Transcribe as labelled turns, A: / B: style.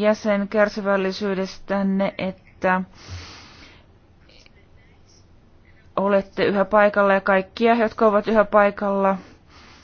A: jäsen kärsivällisyydestänne, että olette yhä paikalla ja kaikkia, jotka ovat yhä paikalla,